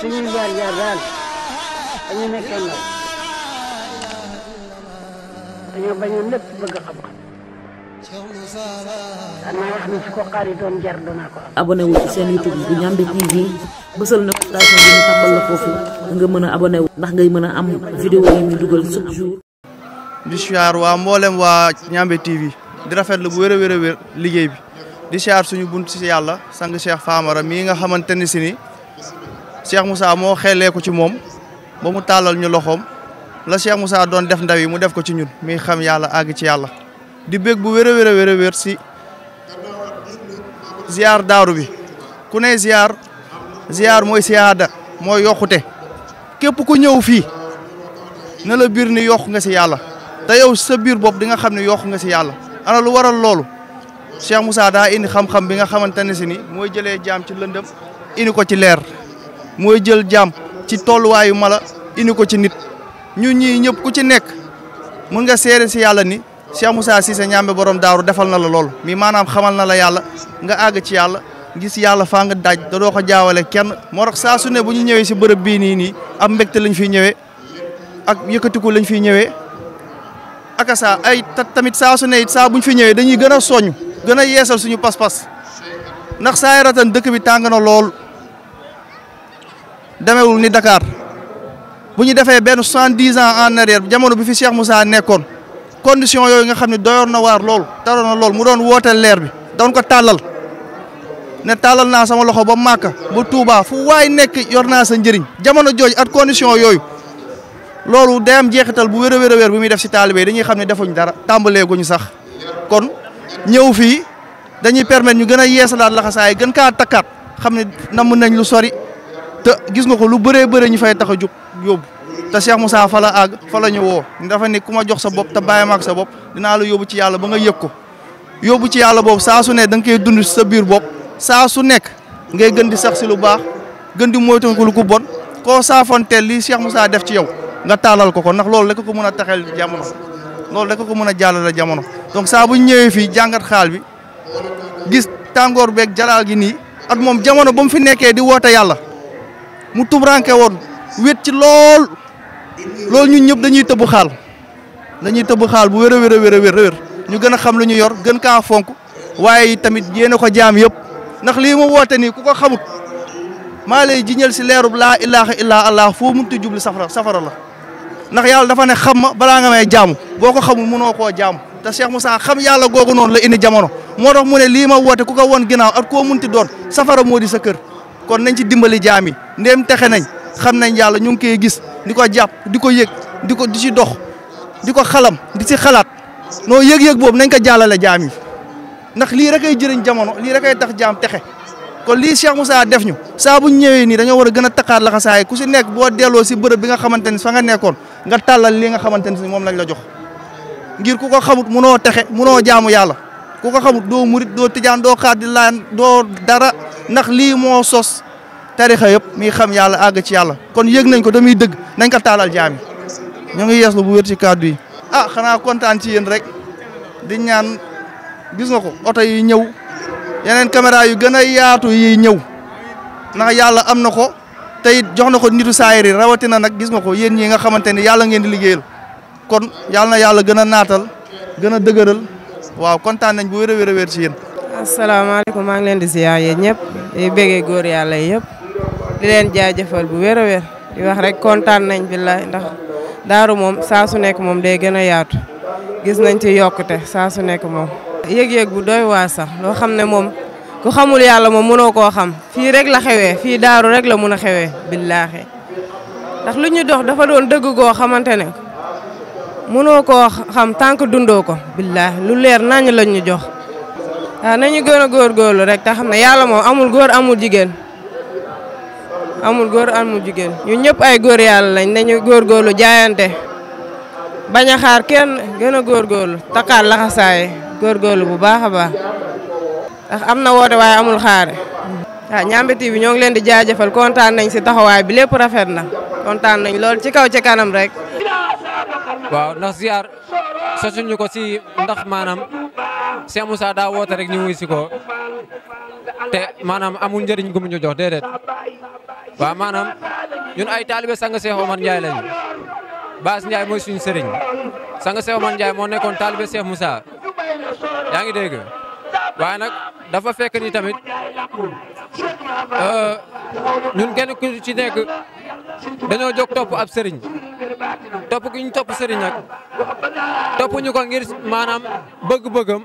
suñuy jaar jaar daal dañu nekkee ne su ko xaari doon jar youtube tv bësal na station bi ñu tàmbal la nga mën abonné ndax ngay am vidéo yi ñu dugal jour di siyaar waa mboolem waa tv di rafetlu bu wér wér liggéey bi di siyaar suñu bunt si yàlla sang cheikh famara mii nga xamante ni ni cheikh moussa moo ko ci mom, ba mu talal ñu loxom la cheikh moussa doon def ndaw yi mu def ko ci ñun mi xam yalla ag ci yalla di bég bu wéré wéré wéré wér ci si ziar daaru bi ku ne ziar ziar moy siada moy yokuté képp ku ñëw fi na la bir ni yok nga ci yalla te yow sa bir bop di nga xam ne nga ci yalla ana lu waral lolu cheikh moussa da indi xam-xam bi nga xamante ni moy jëlé jam ci lëndëm indi ko ci lèr moy jël jam ci wayu mala indi ko ci nit ñun ñi ñëpp ku ci nekk mën nga séré si yalla ni Cheikh Moussa Cissé ñambe borom daaru defal na la lool mi manam xamal na la yalla nga ag ci yalla gis yalla fa nga daj da do ko jaawale kenn mo tax sa su ne bu ñu ñëwé ci bërepp bi ni ni lañ fi ñëwé ak yëkkatiku lañ fiy ñëwee akasa ay tamit sa su ne it buñ fi ñëwé dañuy gëna soñu gëna yéssal suñu pas-pas nak saa dëkk bi lool demewul ni dakaar bu ñu defee benn soixante-dix ans en arrière jamono bi fi Cheikh Moussa nekkoon condition yooyu nga xam ne doyoon na waar lool taroon na lool mu doon wooteel leer bi doon ko tàllal ne tàllal naa sama loxo ba Màkka ba Touba fu waaye nekk yor naa sa njëriñ jamono jooju at condition yooyu loolu day am jeexital bu wér a wér a bu muy def si taalibe yi dañuy xam ne defuñ dara tàmbalee guñ sax kon ñëw fii dañuy permettre ñu gën a yeesalaat laxasaay gën kaa takkaat xam ne namm nañ lu sori te gis nga ko lu beure beure ñu fay taxaju yob ta Cheikh Moussa fala ag fala fa la ñu woo dafa ne kuma jox sa bop ta baye mak ak sa bop dina la yobu ci yalla ba nga yekko yobu ci yalla bop sa su ne dang kay dund sa bir bop sa su nek ngay gëndi sax ci lu baax moy ko lu ko bon koo saafoonteel li Cheikh Moussa def ci yow nga talal ko ko nak lool rek ko mën a taxel jamono lool rek ko mën a jamono. donc sa bu ñëwee fi jangat xaal bi gis tangor bek jaral gi ni ak mom jamono bu mu fi nekké di wota yalla mu ranké won wét ci lool lool ñun ñëp dañuy tëbb xaal dañuy tëbb xaal bu wéré wéré wéré wéré ñu gëna xam lu ñu yor gën ka fonk waye tamit yéne ko jaam yëpp nak li mu woté ni ku ko xamut ma lay jiñal ci lérub la ilaha illa allah foo munti jubli safara safara la nak yalla dafa né xam ma balaa nga may jaam boko xamul mëno ko jaam ta cheikh moussa xam yalla googu non la indi jamono mo tax mu né li ma woté ku ko won ginaaw at doon safara modi sa kër kon nañ ci dimbali jaami ndéem texe nañ xam nañ yàlla ñu ngi koy gis di ko jàpp di ko yég di ko di ci dox di ko xalam di ci xalaat noo yëg-yëg boobu nañ ko jàllale jaam yi ndax lii rek ay jëriñ jamono lii rek ay tax jaam texe kon lii Cheikh Moussa def ñu saa bu ñëwee nii dañoo war a gën a taxaar la xasaay ku si nekk boo delloo si bërëb bi nga xamante ni fa nga nekkoon nga tàllal li nga xamante ni moom lañ la jox ngir ku ko xamut munoo texe munoo jaamu yàlla ku ko xamut doo murit doo dara ndax lii moo sos tarixa yëpp mi xam yàlla àgg ci yàlla kon yëg nañ ko damuy dëgg nañ ko taalal jaami ñu ngi yeeslu bu wér ci kàddu yi ah xanaa kontaan ci yéen rek di ñaan gis nga ko oto yi ñëw yeneen caméra yu gën a yaatu yi ñëw nax yàlla am na ko te it jox na ko nitu saayiri rawatina nag gis nga ko yéen ñi nga xamante ni yàlla ngeen di liggéeyal kon yàlla na yàlla gën a naatal gën a dëgëral waaw kontaan nañ bu wér a wér a wér ci yéen asalaamaaleykum maa ngi leen di ziyaar yéen ñëpp di góor yàlla yëpp di leen jaajëfal bu wér wér di wax rek kontaan nañ billaay ndax daaru moom saa su nekk moom day gën a yaatu gis nañ ci yokkute saa su nekk moom. yëg-yëg bu doy waa sax loo xam ne moom ku xamul yàlla moom mënoo koo xam fii rek la xewee fii daaru rek la mun a xewee billaahi ndax lu ñu dox dafa doon dëgg goo xamante ne mënoo koo xam tànk dundoo ko billaahi lu leer nañ lañ ñu jox. waaw nañu gën a góorgóorlu rek te xam ne yàlla moom amul góor amul jigéen. amul góor amul jigéen ñu ñëpp ay góor yàlla lañ nañu góorgóorlu jaayante bañ a xaar kenn gën a góorgóorlu takkaat laxasaay góorgóorlu bu baax a baax ndax am na woote waaye amul xaare waaw ah, Ndiamé TV ñoo leen di jaajëfal kontaan nañ si taxawaay bi lépp rafet na kontaan nañ lool ci kaw ci kanam rek waaw ndax ziar sosuñu ko si ndax maanaam Cheikh Moussa daa woote rek ñu wuy si ko te maanaam amul njëriñ gu mu ñu jox waaw manam ñun ay talibé sang Cheikh Omar Ndiaye lañu bass Ndiaye moy suñu sëriñ sang Cheikh Omar Ndiaye mo nekkon talibé Cheikh Moussa yaa dégg nak dafa fekk ni tamit ñun eh, kenn ku ci nekk dañu jox top ab sëriñ top ku ñu top sëriñ nak top ñu ko ngir manam bëgg-bëggam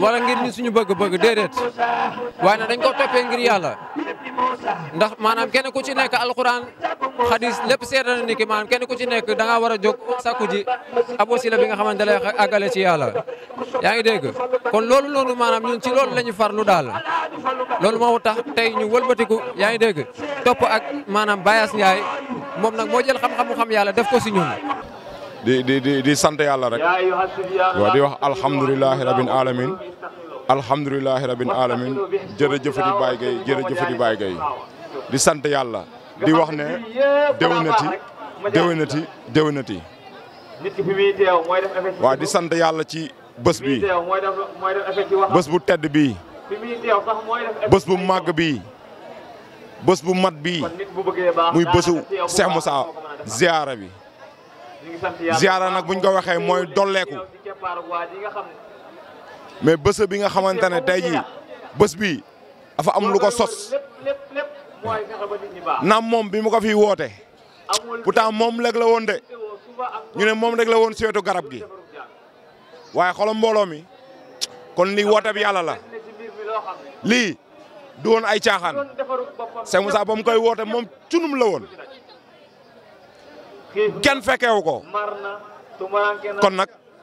wala ngir ñu suñu bëgg-bëgg dédét nak dañ ko topé ngir yalla ndax manam kenn ku ci nek alquran hadith lepp seeda na niki manam kenn ku ci nek da nga wara jog sakku ji ab sila bi nga da lay agale ci yalla yaangi deg kon lolu mana manam ñun ci lolu lañu farlu dal lolu mo tax tay ñu wëlbeetiku yaangi deg top ak manam Bayas Ndiaye mom nak mo jël xam xam xam yalla def ko ci ñun di di di sante yalla rek wa ya di wax alhamdulilahi rabbil alamin alhamdulilahi rabbil alamin jërëjëfati Baye Gueye jërëjëfati di sant yàlla di wax ne déwénati déwénati déwénati waaw di sant yàlla ci bës bi bés bu tedd bi bés bu màgg bi bës bu mat bi muy bésu Cheikh Moussa ziyaara bi ziyaara nag buñ ko waxee mooy dolleeku mais bësë bi nga xamante ne tey jii bés bi dafa am lu ko sos naam moom bi mu ko fiy woote pourtant moom rek la woon de ñu ne moom rek la woon si wetu garab gi waaye xolam mbooloo mi kon lii woote bi yàlla la lii du woon ay caaxaan Cheikh ba mu koy woote moom cunum la woon kenn fekkeewu ko kon nag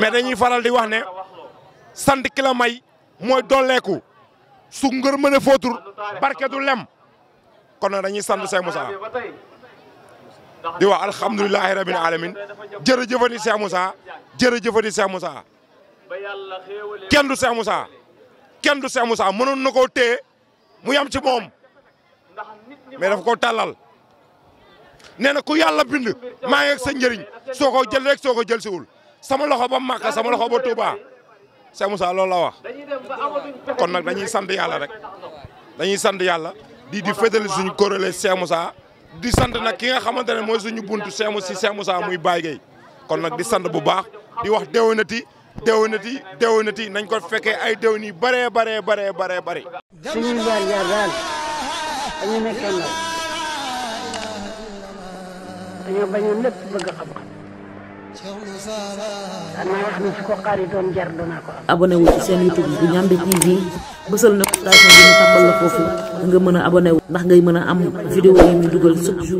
mais dañuy faral di wax ne sant ki may mooy dolleeku su ngër mën a footur barke lem kon nag dañuy sant Cheikh Moussa di wax alhamdulilahi rabbil alamin jërëjëfati Cheikh Moussa jërëjëfati Cheikh Moussa kendu du Cheikh Moussa kenn du Cheikh Moussa mënoon na koo téye mu yam ci moom mais dafa ko tàllal nee na ku yàlla bind maa ngi ak sa njëriñ soo ko jël rek soo ko jël siwul sama loxo ba Màkka sama loxo ba Touba Cheikh Moussa loolu la wax kon nag dañuy sant yàlla rek dañuy sant yàlla di di féetali suñu kóorale Cheikh Moussa di sant nag ki nga xamante ne mooy suñu bunt Cheikh Moussa si Cheikh Moussa muy Baye kon nag di sant bu baax di wax déwénati déwénati déwénati nañ ko fekkee ay déwén yu bëree bëree bëree bëree bëri. suñuy jaar jaar danaa wax ne fu ko xari doon jar dana ko am. abonné wu ci seen YouTube bu Ndiamé TV bësal notification bi ñu la foofu nga mën a abonné wu. ndax ngay mën a am vidéo yi ñu dugal chaque